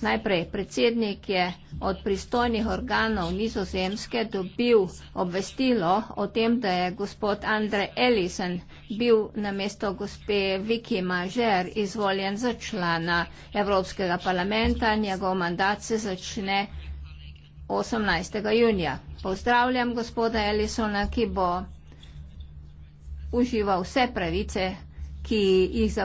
Najprej predsednik je od pristojnih organov nizozemske dobil obvestilo o tem, da je gospod Andre Ellison bil na mesto gospe Viki Mažer izvoljen za člana Evropskega parlamenta. Njegov mandat se začne 18. junija. Pozdravljam gospoda Ellisona, ki bo uživa vse pravice, ki jih za